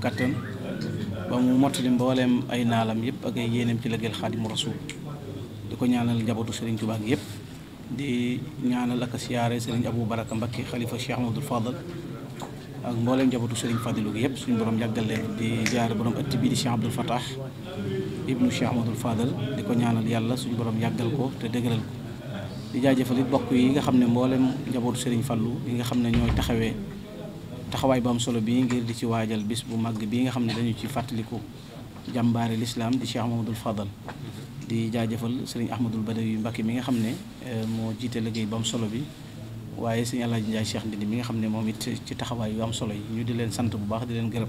kattan ba mu mottali mbooleem ay naalam yëpp ak ay yéeneem ci liggéeyal xaadimu rasuul di ko ñaanal njabootu sëriñ Tuubaa gi yëpp di ñaanal ak a siyaare sëriñ Abu Baraka Mbakke xalifa Cheikh Ahmadul Fadal ak mbooleem njabootu sëriñ Fadilu yëpp suñu borom yàggal leen di jaare borom ëtt bii di Cheikh Abdul Fatah ko ñaanal yàlla suñ borom yàggal ko te dëgëral ko di jaajëfal bokk yi nga xam ne mbooleem njabootu sëriñ Fallu yi nga xam ne ñooy taxawee taxawaay bu am solo bi ngir di ci waajal bis bu màgg bii nga xam ne dañu ci fàttaliku jàmbaare lislaam di Cheikh Mamadou Fadal di jaajëfal sëriñ Ahmadul Badawi Mbacke mi nga xam ne eh, moo jiite liggéey bu am solo bi waaye sëriñ Alaaji Njaay Cheikh mi nga xam ne moom it ci taxawaay yu am solo yi ñu di leen sant bu baax di leen gërëm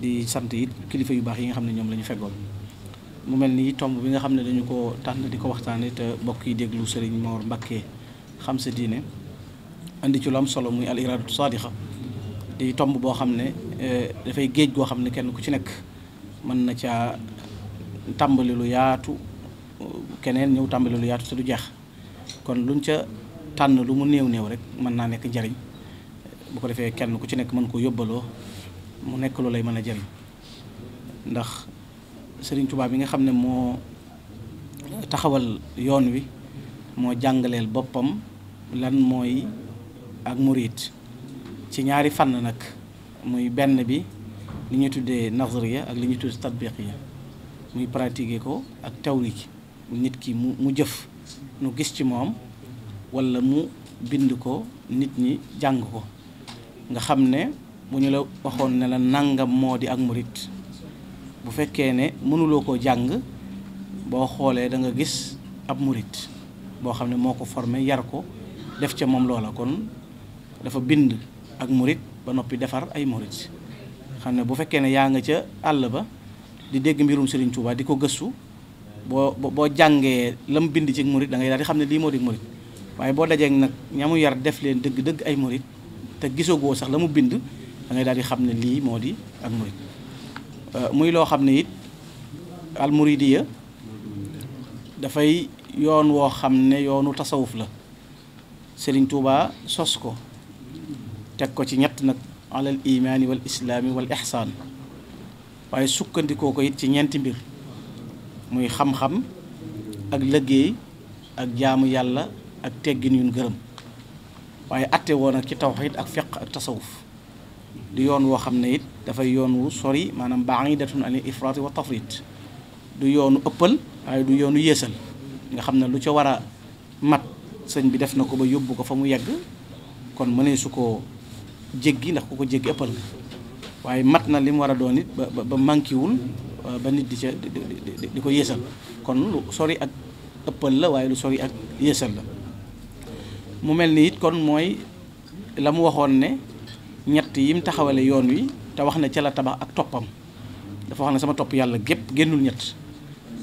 di sant it kilifa yu baax yi nga xam ne ñoom la ñu feggoon mu mel ni tomb bi nga xam ne dañu ko tànn di ko waxtaane te mbokk yi déglu sëriñ Mor Mbacke xam sa diine indi ci lu am solo muy al iraadatu saadiqa di tomb boo xam ne euh, dafay géej goo xam ne kenn ku ci nekk mën na ca tàmbali lu yaatu keneen ñëw tàmbali lu yaatu te du jeex kon luñ ca tànn lu mu néew néew rek mën naa nekk njariñ bu ko defee kenn ku ci nekk mën koo yóbbaloo mu nekk lu lay mën a jariñ ndax Sëriñ Tuubaa bi nga xam ne moo taxawal yoon wi moo jàngaleel boppam lan mooy ak murit ci ñaari fànn nag muy benn bi li ñu tuddee nazariya ak li ñu tuddee tatbiq yi muy pratiquer ko ak tawri nit ki mu mu jëf nu gis ci moom walla mu bind ko nit ñi jàng ko nga xam ne bu ñu la waxoon ne la nangam moo di ak murit bu fekkee ne mënuloo koo jàng boo xoolee da nga gis ab murit boo xam ne moo ko formé yar ko def ca moom loola kon dafa bind ak murit ba noppi defar ay murit xam ne bu fekkee ne yaa nga ca àll ba di dégg mbirum Serigne Touba di ko gëstu boo boo jàngee mu bind ci murit da ngay di xam ne lii moo di murit waaye boo dajee nag ñamu yar def leen dëgg-dëgg ay murit te gisagoo sax la mu bind da daal di xam ne lii moo di ak murit euh, muy loo xam ne it al dafay yoon woo xam ne yoonu tasawuf la sëriñ tuuba sos ko تك كو سي على الايمان والاسلام والاحسان واي سوكاندي كو كو سي نيانتي مير موي خام خام اك لغي اك جامو يالا اك تيغين يون غرم واي اتي وونا كي توحيد اك فقه اك تصوف دي يون وو خامنا نيت دا فا يون وو سوري مانام باعيدتون على الافراط والتفريط دو يون اوبل اي دو يون ييسال nga xamna lu ci wara mat señ bi def na ko ba yobbu ko fa mu yegg kon mëne su ko jéggi ndax ku ko jéggi ëppal nga waaye mat na li mu war a doon it ba ba manquéwul euh, ba nit di ca di ko yéesal kon lu sori ak ëppal la waaye lu sori ak yéesal la mu mel ni it kon mooy la mu waxoon ne ñett yi mu taxawale yoon wi te wax na ca la tabax ak toppam dafa wax ne sama topp yàlla gépp génnul ñett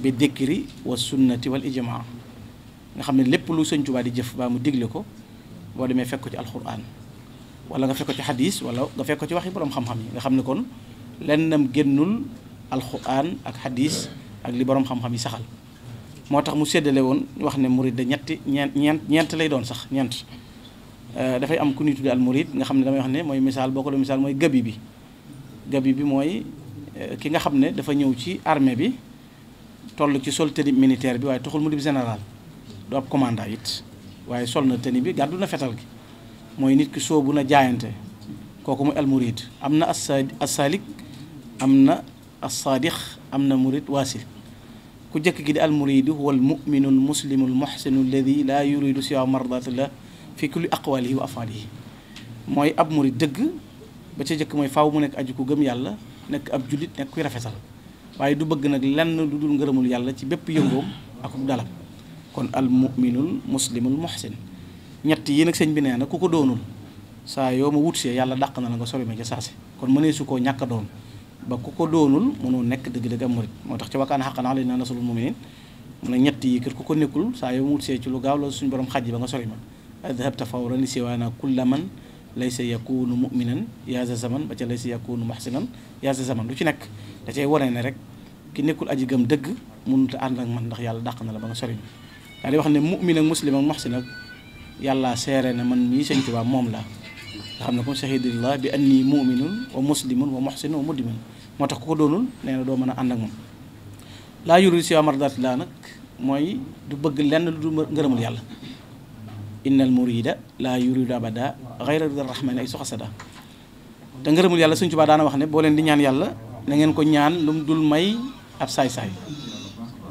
bi dékkiri wa sunnati wal ijmaa nga xam ne lépp lu sëñ Tuubaa di jëf baa mu digle ko boo demee fekk ko ci alxuraan wala nga fekk ko ci xadis wala nga fekk ko ci waxi borom xam-xam yi nga xam ne kon lennam génnul alquran ak xadiis ak li borom xam-xam yi saxal moo tax mu seddale woon ñu wax ne murid da ñetti ñeent ñeent ñeent lay doon sax ñeent euh, dafay am ku ñuy tudde al murid nga xam ne damay wax ne mooy misaal boo ko doon misaal mooy gabi bi gabi bi mooy euh, ki nga xam ne dafa ñëw ci armée bi toll ci sol tenue militaire bi waaye taxul mu di général du ab commandant it waaye sol na tenue bi gàddu na fetal gi moy nit ki sobuna jaayante koku mu almurid murid amna as-salik amna as am amna murid wasil ku jek gi di almuridu huwa muslim al muhsin alladhi la yuridu siwa mardatillah fi kulli aqwalihi wa afalihi moy ab murid deug ba ci jek moy faaw mu nek aju ku gëm yàlla nek ab julit nek kuy rafetal waye du bëgg nak lenn lu dul ngërëmul yàlla ci bépp yëngoom ak dalam kon mu'minul muslimul muhsin ñett yi nag sëñ bi nee na ku ko doonul saa yoo ma wutsee yàlla dàq na la nga sori ma ci saasi kon mënee su koo ñàkk a doon ba ku ko doonul mënoo nekk dëgg-dëgg am murit moo tax ci wakkaan xàq naa yi kër ku ko nekkul saa yoo ma wutsee ci la suñu borom xaj ba nga sori man laysa yakunu muminan yaa za zaman ba ca laysa yakunu lu ci nekk da cay wane ne ki nekkul aji gëm dëgg mënut a ànd man ndax yàlla dàq na la ba nga sori ma daal wax ne mumin ak muslim ak yàlla seere ne man mii sëñ Tuubaa moom la nga xam ne comme shahidillah bi annii muminun wa muslimun wa muhsinun wa mudimin moo tax ku ko doonul nee na doo mën a ànd ak moom laa yurul si amardat laa nag mooy du bëgg lenn lu du ngërëmul yàlla innal murida laa yuridu abada xayra rahmani ay soxasada te ngërëmul yàlla Sëñ Tuubaa daana wax ne boo leen di ñaan yàlla na ngeen ko ñaan lu mu dul may ab saay-saay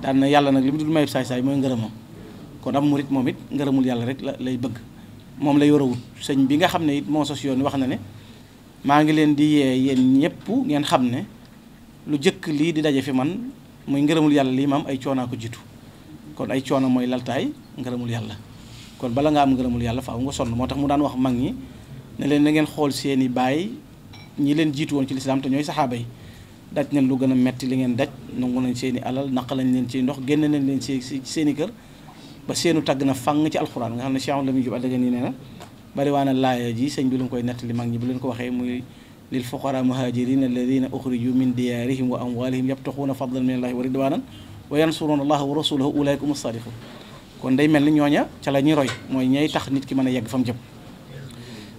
daan na yàlla nag li mu dul may ab saay-saay mooy ngërëmam kon am murit momit ngeureumul yalla rek lay bëgg mom lay yorawut señ bi nga xamne mo it sos yoon wax na ne ma ngi len di ye yen ñepp ngeen xamne lu jëk li di dajé fi man muy ngeureumul yalla li mam ay coonaa ko jiitu kon ay coono moy laltay ngeureumul yalla kon bala nga am ngeureumul yalla faaw nga son motax mu daan wax mag ñi ne len na ngeen xol seeni bay ñi len jitu won ci l'islam te ñoy sahaba yi daj lu gëna metti li ngeen daj nangu nañ seeni alal nak lañ leen ci ndox genn nañ leen ci seeni kër ba seenu tagg na fàng ci alxuraan nga xam ne Cheikh Lamine Diop Addaga nii nee na bari waa na laaya ji sëñ bi leen koy nettali mag ñi bu leen ko waxee muy lil fuqara muhajirin alladina uxriju min diyaarihim wa amwalihim yabtaxuuna fadlan min allahi wa ridwanan wa yansuruuna allaha wa rasulahu ulaika hum sadiqun kon day mel ni ñooña ca la ñuy roy mooy ñay tax nit ki mën a yegg fa mu jëm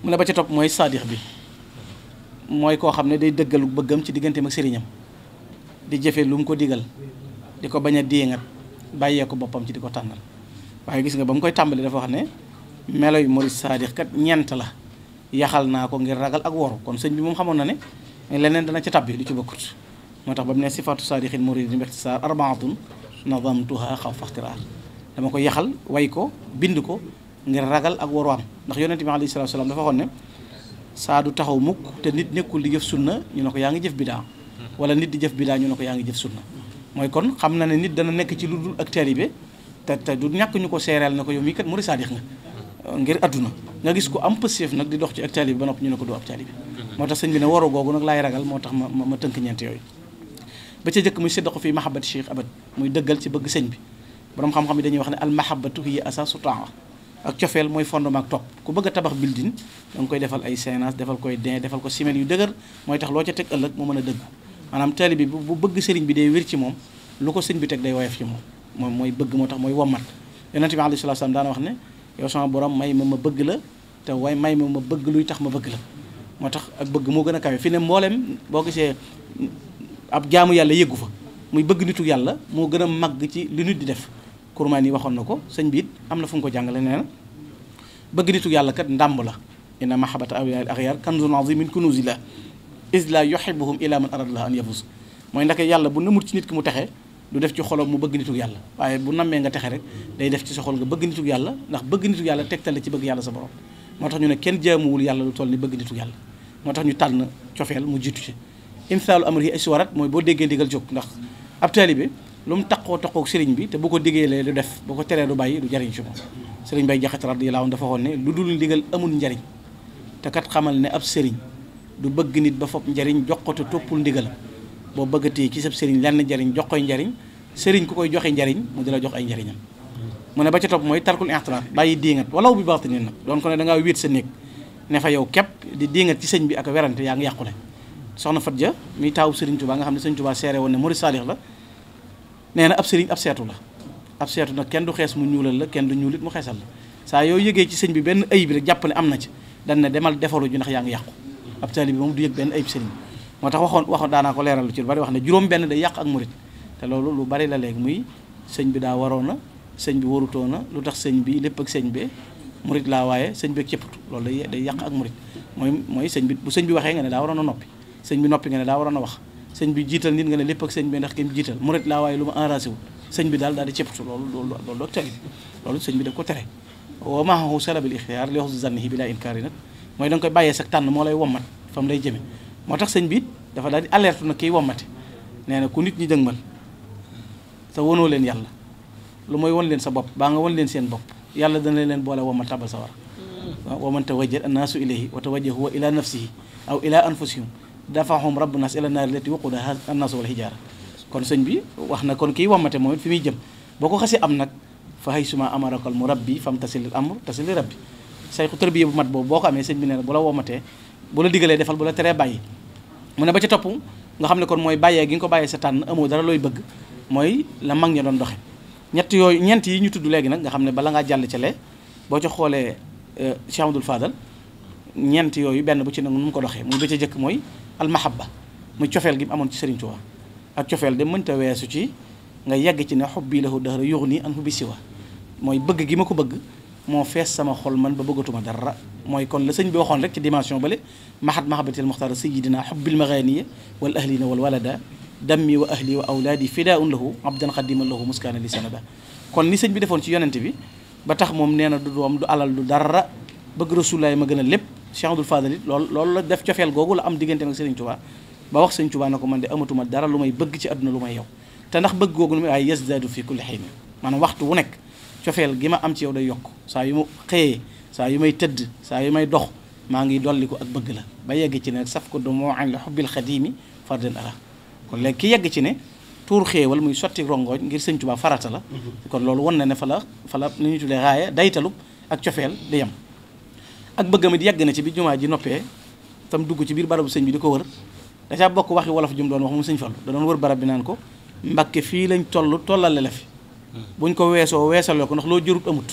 mu ne ba ca topp mooy saadix bi mooy koo xam ne day dëggalu bëggam ci digganteem ak sëriñam jëfe lu mu ko digal ko bañ a diingat bàyyee ko boppam ci di ko tànnal waaye gis nga ba mu koy tàmbali dafa wax ne melo yu murid saadix kat ñeent la yaxal naa ko ngir ragal ak woru kon sëñ bi moom xamoon na ne leneen dana ci tabbi lu ci bokkut moo tax ba mu ne sifaatu saadixin muridin bixtisaar arbaatun nadamtuha xaw faxtiraar dama ko yaxal way ko bind ko ngir ragal ak am ndax yonente bi alayhi salaatu salaam dafa waxoon ne saa du taxaw mukk te nit nekkul di jëf na ñu ne ko yaa ngi jëf bidaa wala nit di jëf bidaa ñu ne ko yaa ngi jëf sunna mooy kon xam na ne nit dana nekk ci lu dul ak te te du ñàkk ñu ko seereel na ko yow mii kat murid saadix nga euh, ngir adduna nga gis ko am pësif nag di dox ci ak taalibe ba nopp ñu ne ko du ab taalibe mhm. moo tax bi ne waru googu nag laay ragal moo tax ma ma tënk ñeent yooyu ba ca jëkk muy siddaxu fii mahabati cheikh abad muy dëggal ci bi borom xam-xam dañuy wax ne al mahabatu hiya asaasu taa ak cofeel mooy fondement ak topp ku bëgg a tabax building da nga koy defal ay séance defal koy den defal ko simel yu dëgër mooy tax loo ca teg ëllëg mu mën a dëgg maanaam taalibe bi bu bëgg sëriñ bi day wér ci moom lu ko sëñ bi teg day woyof ci moom moy moy bëgg moo tax mooy wommat yonent bi alayhi salaam daana wax ne yow sama borom may ma ma bëgg la te way may ma ma bëgg luy tax ma bëgg la motax ak bëgg mo gëna kawe fi ne mbolem bo gisé ab jaamu yàlla yëggu fa muy bëgg nitu yàlla mo gëna mag ci li nit di def kurmaan yi waxon nako sëñ biit amna fu mu ko jàngale neena bëgg nitu yàlla kat ndàmb la inna mahabbata awliya al aghyar kanzun azim min kunuuzi la is la yuhibuhum ila man arada la an yafuz moy ndake yàlla bu neumut ci nit ki mu taxé du def ci xolam mu bëgg nitu yàlla waaye bu nammee nga texe rek day def ci sa xol nga bëgg nitu yàlla ndax bëgg nitu yàlla tegtal la ci bëgg yàlla sa borom moo tax ñu ne kenn jaamuwul yàlla lu toll ni bëgg nitu yàlla moo tax ñu tànn cofeel mu jiitu ci imsaalu amri ay suwarat mooy boo déggee ndigal jóg ndax ab taalibe lu mu taqoo taqoo sëriñ bi te bu ko diggee lee du def bu ko teree du bàyyi du jariñ ci moom sëriñ bay jaxat radiyallaahu anhu dafa waxoon ne lu dul ndigal amul njariñ te kat xamal ne ab sëriñ du bëgg nit ba fopp njariñ jox ko te toppul ndigalam boo bëggatee ci sab sëriñ lenn njariñ jox koy njariñ sëriñ ku koy joxe njariñ mu di la jox ay njariñam mu ne ba ca topp mooy tarkul intraat bàyyi diingat walaw bi baatinin nag doon ko ne da ngaa wéet sa néeg ne fa yow képp di diingat ci sëñ bi ak werante yaa ngi yàqu yàqule soxna fat ja muy taawu sëriñ Tuubaa nga xam ne sëriñ Tuubaa seere woon ne murid saalix la nee na ab sëriñ ab seetu la ab seetu nag kenn du xees mu ñuulal la kenn du ñuulit mu xeesal la saa yoo yëgee ci sëñ bi benn ayib rek jàpp am na ci dan ne demal defaru ju ndax yaa ngi yàqu ab taalibe moom du yëg benn ayib sëriñ moo tax waxoon waxoon daanaa ko leeral lu ci lu bari wax ne juróom benn day yàq ak murit te loolu lu bari la léegi muy sëñ bi daa waroon a sëñ bi warutoo na lu tax sëñ bi lépp ak sëñ bee murit laa waaye sëñ bi ak cëppatu loolu day day ak murit mooy mooy sëñ bi bu sëñ bi waxee nga ne daa a noppi sëñ ne daa waroon wax sëñ bi jiital nit ne lépp ak sëñ bi ndax kim jiital murit laa waaye lu ma enragé wul sëñ bi daal daal di cëppatu loolu loolu loolu doog tegi loolu sëñ bi da ko tere wa maahu salabil ixtiyaar li wax zannihi bi laa inkaari nag mooy da koy bàyyee sag tànn moo lay wommat fam lay jëme moo tax sëñ bi dafa daal di alerte na kiy wommate nee na ku nit ñi dëgmal te wonoo leen yàlla lu mooy won leen sa bopp baa nga won leen seen bopp yàlla dana leen boole womma tabal sa war wa man tawajja annaasu ilayhi wa tawajja huwa ila nafsihi aw ila anfusihim dafahum rabbu nas ila naari lati waqudaha annaasu wal hijaara kon sëñ bi wax na kon kiy wommate moom it fi muy jëm boo ko xasee am nag fa hay suma amarakal mu rabbi fam tasilil amr tasili rabbi sayxu tërbiye bu mat boobu boo ko amee sëñ bi nee na bu la wommatee bu la digalee defal bu la teree mu ne ba ca topp nga xam ne kon mooy bàyyee gi nga ko bàyyee sa tànn amoo dara looy bëgg mooy la mag ña doon doxe ñett yooyu ñeent yi ñu tudd léegi nag nga xam ne bala ngaa jàll ca lee boo ca xoolee euh, Cheikh faadal Fadal ñeent yooyu benn bu ci nangu nu mu ko doxee muy ba ca jëkk mooy almahabba muy cofeel gi mu amoon ci Serigne Touba ak cofeel de mënta weesu ci nga yegg ci ne bii xubbi lahu dahra yuxni an hubbi siwa mooy bëgg gi ma ko bëgg mo fess sama xol man ba bëggatuma dara moy kon la sëñ bi waxon rek ci dimension bale mahad mahabatil mukhtar sayyidina hubbil maganiya wal ahlina wal walada dammi wa ahli wa awladi fidaun lahu abdan xadiman lahu muskaana li sanaba kon ni sëñ bi defon ci yonent bi ba tax mom neena du dom du alal du dara bëgg rasulullah ma gëna lépp Cheikh abdul Fadal it loolu la def ciofel gogu la am digënté ak señ Tuubaa ba wax señ Tuubaa nako man de amatuma dara lumay bëgg ci aduna lumay yow te ndax bëgg gogu lumay may waaye fi kulli xiin manam waxtu wu nek cofeel gi ma am ci yow day yokk saa yu ma xëyee saa yu may tëdd saa yu may dox maa ngi dolli ko ak bëgg la ba yegg ci ne saf ko du moo an la xubbil xadiimi farden ara kon léegi ki yegg ci ne tuur xéewal muy sotti rongooñ ngir sëñ Tuubaa farata la mm-hmm. kon loolu wan na ne fa la fa la li ñu tuddee raaya daytalu ak cofeel di yem ak bëggam it yegg na ci bi jumaa ji noppee tam dugg ci biir barabu sëñ bi di ko wër dacaa bokk waxi wolof jum doon wax moom sëñ Fallu da doon wër barab bi naan ko Mbàkke fii lañ toll tollale la fi buñ ko weesoo weesaloo ko ndax loo jërut amut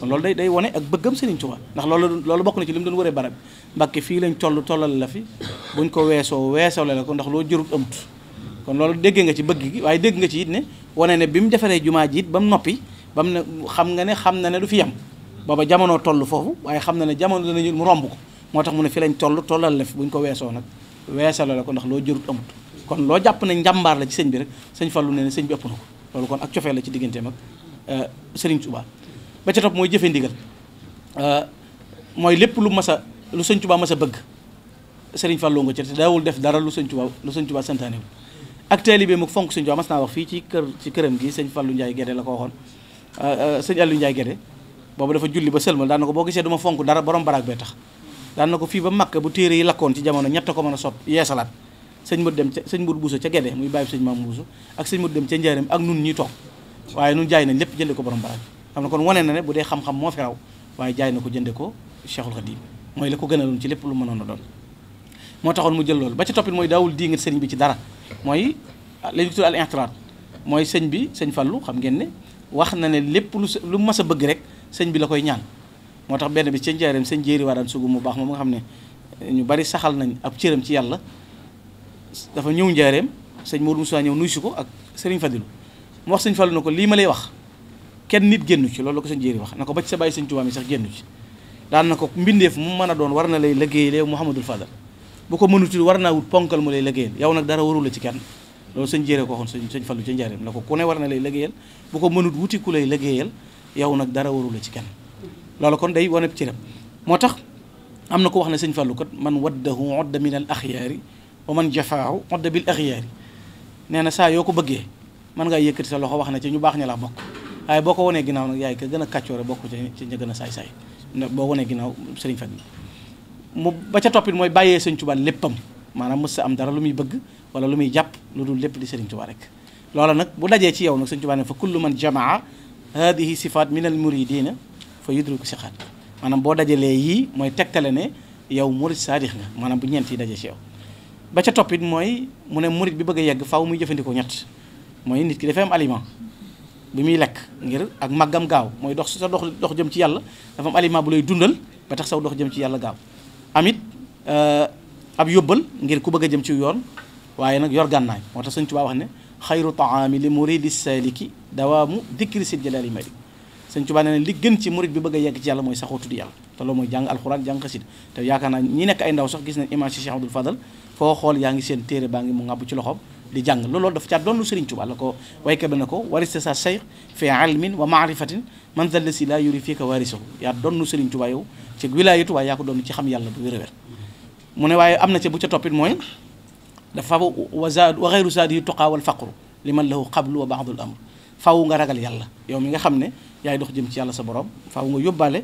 loolu day day wane ak bëggam Serigne Touba ndax loolu loolu bokk na ci li mu doon wëree barab Mbàkke fii lañ toll tollal la fi buñ ko weesoo weesale la ko ndax loo jërut amut kon loolu dégg nga ci bëgg gi waaye dégg nga ci it ne wane ne bi mu defaree jumaa ji it ba noppi ba mu xam nga ne xam na ne du fi yem booba jamono toll foofu waaye xam na ne jamono danañu mu romb ko moo tax mu ne fi lañ toll tollal la fi buñ ko weesoo nag weesale la ko ndax loo jërut amut kon loo jàpp ne njàmbaar la ci sëñ bi rek sëñ Fallou ne ne sëñ bi ëpp na ko loolu kon ak ciofel la ci sering ak euh, Serigne Touba ba ci top moy jëfe ndigal euh, moy lepp lu massa lu serigne Touba massa a bëgg Serigne fallo nga ci dawul def dara lu serigne Touba lu serigne Touba santaanewul ak talibé mu fonk serigne Touba mas wax fi ci kër ci këram gi serigne Fallou ndjay gédé la ko euh, euh serigne Aliou ndjay gédé bobu dafa julli ba selmal dan nako bo gisé gisee fonk dara borom barak bay tax dan nako fi ba Makka bu téré yi ci jamono ñett ko mëna sot sëñ mut dem ca sëñ mut buusu ca Gede muy bàyyi sëñ maam buusu ak sëñ mut dem ca njaareem ak nun ñuy toog waaye nun jaay nañ lépp jënde ko borom barab xam na kon wane na ne bu dee xam-xam moo fi waaye jaay na ko jënde ko Cheikhul Khadim mooy la ko gënaloon ci lépp lu mënoon a doon moo taxoon mu jël loolu ba ca toppit mooy daawul dii nga bi ci dara mooy ah, la ñu tudd al mooy sëñ bi sëñ Fallu xam ngeen ne wax na ne lépp lu lu mas a bëgg rek sëñ bi la koy ñaan moo tax benn bi ca njaareem sëñ jéeri waa daan sugu mu baax moom nga xam ne ñu bari saxal nañ ab cëram ci yàlla dafa ñëw ndiarem seigne mourou Moussa ñëw nuyu si ko ak Serigne Fadilou mo wax seigne Fallou nako li ma lay wax kenn nit génnu ci loolu ko seigne jeri wax nako ba ci sa seigne Touba mi sax génnu ci dal nako mbindef mu mën doon war na lay liggéeyal yow Mouhamadul Fadal bu ko mënutul war naa wut ponkal mu lay liggéeyal yaw nak dara waru la ci kenn loolu seigne jeri ko waxoon seigne seigne ca ci ndiarem nako ku ne war na lay liggéeyal bu ko mënut wuti ku lay liggéeyal yaw nak dara waru la ci kenn loolu kon day wone ci rem motax amna ko wax ne sëñ Fallou kat man waddahu udda min al axyaari waman jafaru jafaahu bil axyaari neena sa saa yoo ko bëggee mën ngaa yëkkati sa loxo wax na ci ñu bax ña la bokk boko boo ko wanee ginnaaw yaay ka gëna a kàccoore ci ña gëna say say ne boo woné ginaaw sëriñ Fat mu ba ca topit moy leppam manam am dara lu muy bëgg wala lu muy japp lu dul lepp di sëriñ Tuubaa rek loola nak bu dajé ci yow nak ne fa kullu man jamaa hadihi sifat min al muridina fa yudriku sixaat maanaam boo dajalee yi moy tegtale ne yow murid sadiq nga manam bu ñent yi dajé ci yow ba ca topit moy mune mourid bi bëgg yegg faaw muy jëfëndiko ñatt moy nit ki dafa am aliment bi muy lek ngir ak magam gaaw moy dox sa dox dox jëm ci yalla dafa am aliment bu lay dundal ba tax saw dox jëm ci yalla gaaw amit euh ab yobbal ngir ku bëgg jëm ci yoon waye nak yor gannaay motax señ tuba wax ne khayru taami li murid as saliki dawamu dhikri si jalaali malik Sëñ Tuubaa nee li gën ci mourid bi bëgg yegg ci yàlla mooy saxoo tudd yalla te loolu mooy jàng alxuraan jàng xasida te yaakaar naa ñi nekk ay ndaw sax gis nañ image si Cheikh Abdoul Fadal foo xool yaa ngi seen téere baa ngi mu ngàbb ci loxoom di jàng loolu dafa caa doonlu Sëriñ ko wayka bi ko wariste sa cheikh fi ilmin wa maarifatin man dalla si laa yuri fii ka warisahu yaa doonlu Sëriñ Tuubaa yow ci wilaayatu waaye yaa ko doon ci xam yàlla bu wér wér mu ne waaye am na ca bu ca toppit mooy dafa wa zaad wa xayru zaad yi tuqaa wal faqru li man lahu qablu wa baadul amr faaw nga ragal yàlla yow mi nga xam ne yaay dox jëm ci yàlla sa borom faaw nga yóbbaale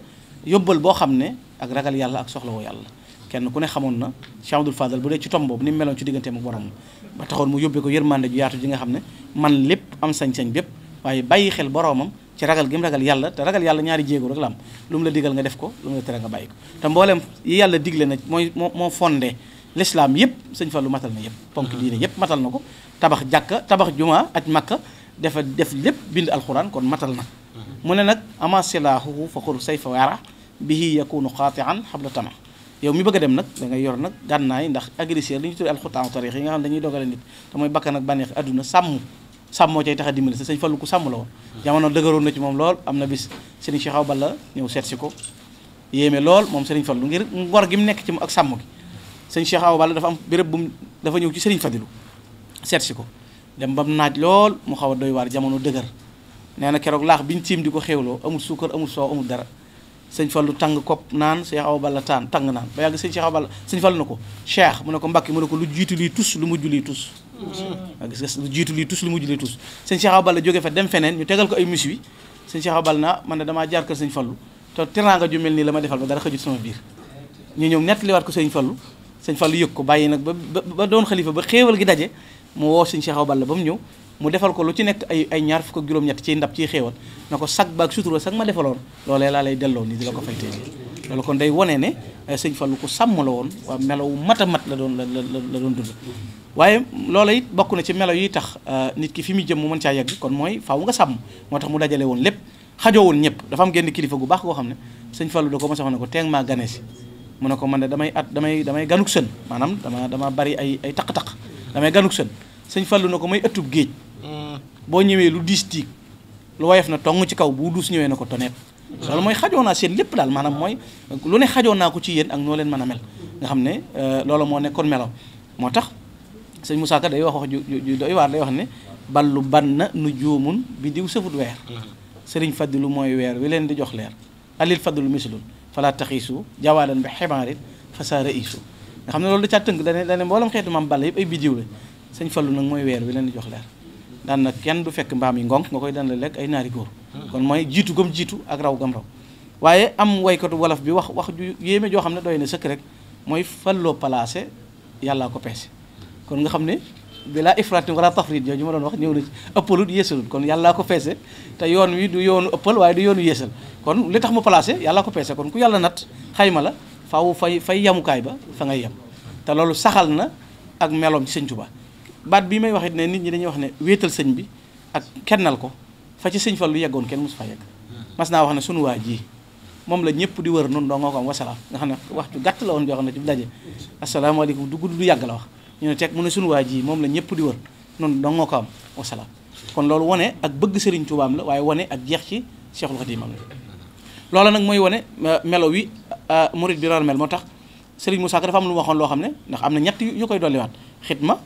yóbbal boo xam ne ak ragal yàlla ak soxla woo yàlla kenn ku ne xamoon na Cheikh Abdoul Fadal bu dee ci tom boobu ni mu meloon ci digganteem ak borom ba taxoon mu yóbbee ko yërmande ju yaatu ji nga xam ne man lépp am sañ-sañ bépp waaye bàyyi xel boromam ci ragal gi ragal yàlla te ragal yàlla ñaari jéego rek la am lu mu la digal nga def ko lu mu la tere nga bàyyi ko te mbooleem yi yàlla digle na mooy moo moo fondé l'islam yëpp sëñ Fallu matal na yëpp ponk mm-hmm. diine yëpp matal na ko tabax jàkka tabax juma aj makka dafa def lépp bind alxuraan kon matal na mm-hmm. ne nag ama silaahu fa say fa به يكون قاطعا حبل تمام يومي بقى دم نك دعنا يور نك غنى ندخ أجريسير نجت الخطأ وطريقه عن دنيا دعالة نت تما يبقى نك بني أدونا سامو سامو جاي تخدي ملسة سيف لوك سامو لو جامان الدعورون نجت مملول أم نبيس سني شخاو بالا نيوسير سكو يملول مم سني فلو غير غوار جيم نك تيم أكسامو سني شخاو بالا دفع بيرب بوم دفع نيوكي سني فدلو سير سكو دم بام ناج لول مخاو دوي وار جامان الدعور نيانا كيروك لاخ بنتيم ديكو خيولو أمو سكر أمو سو أمو دار sëñ Fallou tàng kopp naan Cheikh Awa Balla taan tàng naan ba yàgg sëñ Cheikh Awa Balla sëñ Fallou na ko Cheikh mu ne ko Mbacke mu ne ko lu jiitu lii tus lu mujj lii tus mm-hmm. waa gis lu jiitu lii tus lu mujj lii tus sëñ Cheikh Awa Balla fa dem feneen ñu tegal ko ay mus wi na man ne damaa jaar kër sëñ Fallou te teraanga ju mel nii la defal ba dara xëjut sama biir ñu ñëw nettaliwaat ko sëñ Fallou sëñ Fallou yëg ko bàyyi nag ba ba doon xalifa ba xéewal gi daje mu woo sëñ Cheikh Awa la ba mu ñëw mu defal ko lu ci nekk ay ay ñaar fukk ak juróom-ñett ciy ndab ciy xéewal na ko sag baak sutura sag ma defaloon loolee laa lay delloo nii di la ko fay tey loolu kon day wane ne eh, sëñ Fallou ku sàmm la woon melaw mat a mat la doon la la doon dund waaye loola it na ci melaw yi tax eh, nit ki fi muy jëm mu mën caa yegg kon mooy faaw nga sàmm moo tax mu dajale woon lépp xajoo ñëpp dafa am genn kilifa gu baax koo xam ne sëñ Fallou da ko mos a ne ko teeng maa gane si mu ne ko man ne damay at damay damay ganuk sën maanaam dama dama bari ay ay taq-taq damay ganuk sën sëñ Fallou na ko may ëttub géej boo ñëwee lu diis tiig lu woyof na tong ci kaw bu duus ñëwee na ko toneet loolu mooy xajoo naa seen lépp daal maanaam mooy lu ne xajoo naa ko ci yéen ak noo leen mën a mel nga xam ne euh, loolu moo nekkoon melo moo tax sëñ Moussa Ka day wax wax doy waar day wax ne ballu banna nu juumun bi diw sëfut weer sëriñ faddilu mooy weer wi leen di jox leer alil faddilu mislul fala taxiisu jawaadan bi ximaarit fasa raisu nga xam ne loolu da caa tënk dane dane mboolem xeetu maam balla yëpp ay bidiw la sëñ fallu nag mooy weer wi leen di jox leer daan na kenn du fekk mbaam yi ngong nga koy daan lekk ay naari góor kon mooy jiitu gam jiitu ak raw gam raw waaye am woykatu wolof bi wax wax ju yéeme joo xam ne doy na sëkk rek mooy falloo placé yàllaa ko peese kon nga xam ne bilaa ifratin wala tafrit jooju ma doon wax ñëw na ci ëppalut yéesalut kon yàllaa ko peese te yoon wi du ëppal waaye du yoonu yéesal kon li tax mu placé yàllaa ko peese kon ku yàlla nat xayma la faw fay fay yamukaay ba fa ngay yem te loolu saxal na ak meloom ci Sëñ Tuubaa baat bi may wax it nit ñi dañuy wax ne wéetal sëñ bi ak kennal ko fa ci sëñ Fallu yeggoon kenn mosu fa yegg mas naa wax ne sunu waa ji moom la ñëpp di wër noonu doo nga ko am wasalaam nga xam ne wax ju gàtt la woon joo xam ne ci daje asalaamaaleykum du du yàgg la wax ñu ne teg ne sunu waa ji moom la ñëpp di wër noonu doo nga ko am wasalaam kon loolu wone ak bëgg sëriñ Tuubaam la waaye wane ak jeex ci Seexul Xadiim am la loolu nag mooy wane melo wi murid bi rar mel moo tax sëriñ Moussa Ka dafa am lu waxoon loo xam ne ndax am na ñett yu koy dolliwaat ma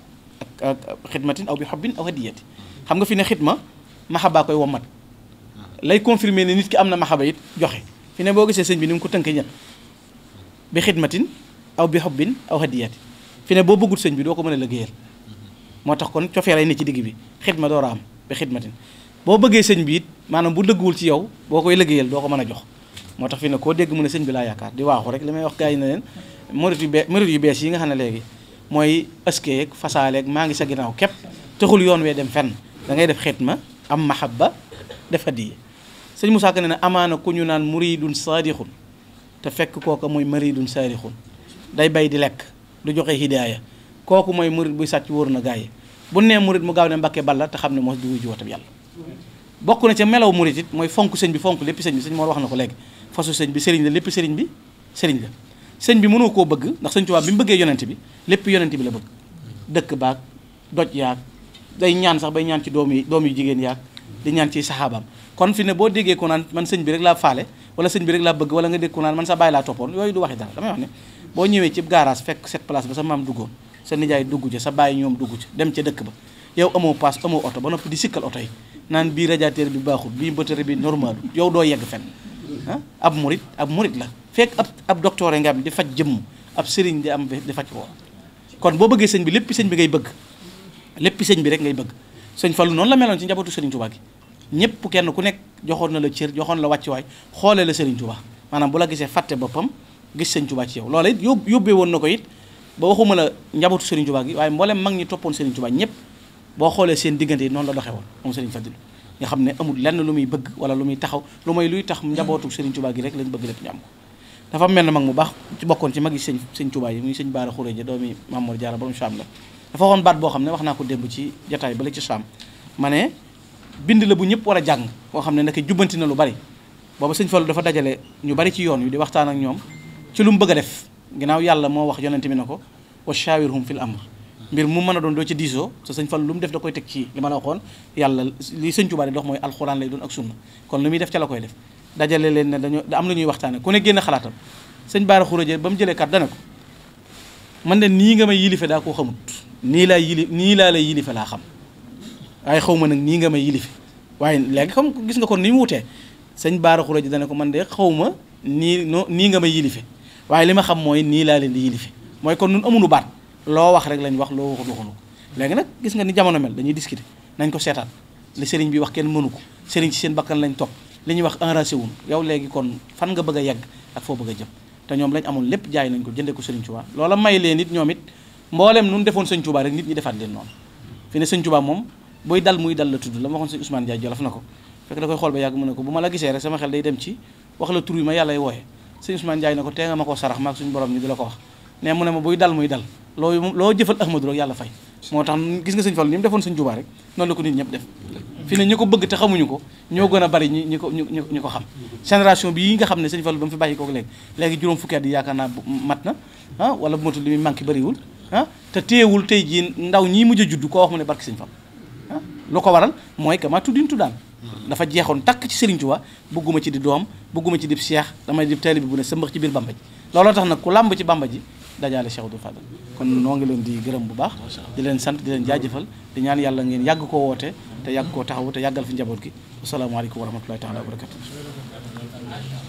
xidmatin aw bi xobbin aw hadiyati xam nga fi ne xidma maxabaa koy wommat lay confirmer ne nit ki am na maxaba it joxe fi ne boo gisee sëñ bi ni mu ko tënkee ñett bi xidmatin aw bi xobbin aw hadiyati fi ne boo bëggut sëñ bi doo ko mën a liggéeyal moo tax kon cofee lay ne ci digg bi xidma door a am bi xidmatin boo bëggee sëñ bi it maanaam bu dëgguwul ci yow boo koy liggéeyal doo ko mën a jox moo tax fi ne koo dégg mu ne sëñ bi laa yaakaar di waaxu rek li may wax gars yi na leen murit yu bees murit yu bees yi nga xam ne léegi mooy askeeg fasaaleek maa ngi sa ginnaaw képp taxul yoon wee dem fenn da ngay def ma am ba def hadiya sëñ mu Ka ne na amaana ku ñu naan muridun saadixun te fekk kooka mooy maridun saadixun day bay di lekk du joxe hidaaya kooku mooy murid buy sàcc wóor na gaay yi bu nee murid mu gaaw ne Mbàkke balla te xam ne moo dugu jiwatam yàlla bokk na ca melaw murid mooy fonk sëñ bi fonk lépp sëñ bi sëñ moo wax na ko léegi fasu sëñ bi sëriñ la lépp sëriñ bi sëriñ la sen bi mënu ko bëgg ndax señ tuba bi mu bëggee yonent bi lépp yonent bi la bëgg dëkk baag doj yaag day ñaan sax bay ñaan ci doomi doomi jigéen di ñaan ci sahabam kon fi ne boo déggee ko naan man señ bi rek laa faale wala señ bi rek laa bëgg wala nga dégg ko naan man sa bàyyi laa toppoon yooyu du waxi dara damay wax ne boo ñëwee ci garage fekk cette place ba sa maam duggoon sa nijaay dugg ca sa bàyyi ñoom dugg ca dem ca dëkk ba yow amoo pass amoo oto ba noppi di sikkal oto yi naan bii radiateur bi baaxul bii bi normal yow doo yegg fenn ab murit ab murit la fekk ab ab docteur nga am di faj jëmm ab sëriñ di am di faj ko kon boo bëggee sëñ bi lépp sëñ bi ngay bëgg lépp sëñ bi rek ngay bëgg sëñ Fallu noonu la meloon ci njabootu sëriñ Tuubaa gi ñëpp kenn ku nekk joxoon na la cër joxoon la wàcc wàccuwaay xoolee la sëriñ Tuubaa maanaam bu la gisee fàtte boppam gis sëñ Tuubaa ci yow loola it yób yóbbee woon na ko it ba waxuma la njabootu sëriñ Tuubaa gi waaye mboolem mag ñi toppoon sëriñ Tuubaa ñëpp boo xoolee seen diggante yi noonu la doxee woon moom sëriñ Fadilu nga xam ne amul lenn lu muy bëgg wala lu muy taxaw lu may luy tax njabootu Serigne Touba gi rek lañ bëgg lépp ñu am ko dafa mel na mag mu baax ci bokkoon ci mag yi sëñ sëñ yi muy sëñ Baara Xuréja doomi Mamour Diarra borom Saam la dafa waxoon baat boo xam ne wax naa ko démb ci jataay bala ci Saam ma ne bind la bu ñëpp war a jàng koo xam ne naka jubbanti na lu bari booba sëñ Fallu dafa dajale ñu bari ci yoon wi di waxtaan ak ñoom ci lu mu bëgg def ginnaaw yàlla moo wax yonente bi ne ko wa shaawirhum fil amr mbir mu mën a doon doo ci diisoo sa fan lu mu def da koy teg ci li ma la xoon yàlla li sëñ Tuubaa di dox mooy alxuraan lay doon ak sunna kon lu muy def ca la koy def dajale leen ne dañoo am na ñuy waxtaane ku ne génn xalaatam sëñ Baara Xuraje ba mu jëlee kat dana ko man de nii nga may yilife daa koo xamut nii laa yili nii laa lay yilife laa xam waaye xaw ma nag nii nga may yilife waaye léegi xam gis nga kon ni wutee sëñ Baara dana ko man de xaw ma nii no may yilife waaye li ma xam mooy nii laa leen di yilife mooy kon nun amuñu baat loo wax rek lañu wax loo waxut waxunu ko léegi nag gis nga ni jamono mel dañuy discuter nañ ko seetaan li sëriñ bi wax kenn mënu ko sëriñ ci seen bakkan lañ topp li ñuy wax enracé wun yow léegi kon fan nga bëgg a yegg ak foo bëgg a jëm te ñoom lañ amoon lépp jaay nañ ko jënde ko sëriñ Tuubaa loola may leen it ñoom it mboolem nun defoon sëñ Tuubaa rek nit ñi defaat leen noonu fi ne sëñ Tuubaa moom buy dal muy dal la tudd la ma waxoon sëñ Ousmane Diagne Jolof na ko fekk xool ba mu ne ko bu ma la gisee rek sama xel day dem ci wax la tur yi ma yàllay wooye na ko tee nga suñu borom ni di la ko wax mu ne ma buy dal muy dal loo loo jëfal ahmadu rek yàlla fay moo tax gis nga sëñ Fallu ni mu defoon sëñ Tuubaa rek noonu la ko nit ñëpp def fi ne ñi ko bëgg te xamuñu ko ñoo gën a bari ñi ñi ko ñi ko xam génération bi yi nga xam ne sëñ Fallu ba mu fi bàyyi kooku léegi léegi juróom fukki at yi yaakaar naa mat na ah wala bu matul li muy manqué bariwul ah, te téyewul tey jii ndaw ñii mujj juddu koo wax mu ne barki sëñ Fallu ah lu ko waral mooy kama tuddin tuddaan dafa jeexoon takk ci Sëriñ wa bëgguma ci di doom bëgguma ci di seex damay di taalibe bu ne sa ci biir bamba ji looloo tax nag ku làmb ci bamba ji dajaale Cheikh Abdou Fadal kon noo ngi leen di gërëm bu baax di leen sant di leen jaajëfal di ñaan yàlla ngeen yàgg koo wootee te yàgg koo taxawu te yàggal fi njaboot gi asalaamaaleykum wa rahmatullahi taala wa barakatu